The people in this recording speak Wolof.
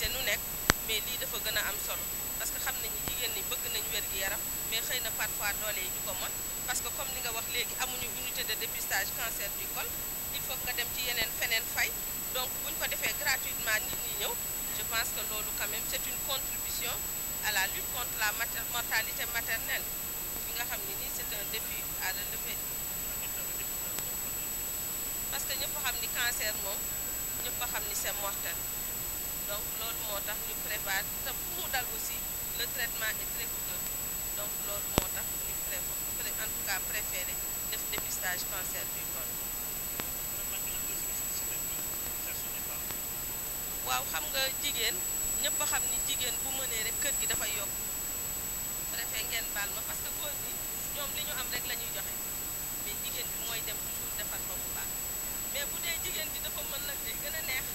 gisee nous mais li dafa gëna am solo parce que xam ni jigéen ni bëgg nañ wër gi yaram mais xeyna parfois doole yi ko mën parce que comme li nga wax légui amuñu unité de dépistage cancer du col il faut nga dem ci yenen fenen fay donc buñ ko défé gratuitement nit ñi ñëw je pense que lolu quand même c'est une contribution à la lutte contre la mortalité maternelle bi nga xam ni c'est un défi à relever parce que ñëpp xam ni cancer mom ñëpp xam ni c'est mortel malade te ku aussi le traitement est très coûteux donc loolu moo tax ñu pré en tout cas préféré def dépistage cancer du col. waaw xam nga jigéen ñëpp a xam ni jigéen bu mënee rek kër gi dafay yokk préfet ngeen baal ma parce que góor gi ñoom li ñu am rek la ñuy joxe mais jigéen bi mooy dem toujours defar ba mu baax mais bu dee jigéen bi dafa mën nag day gën a neex.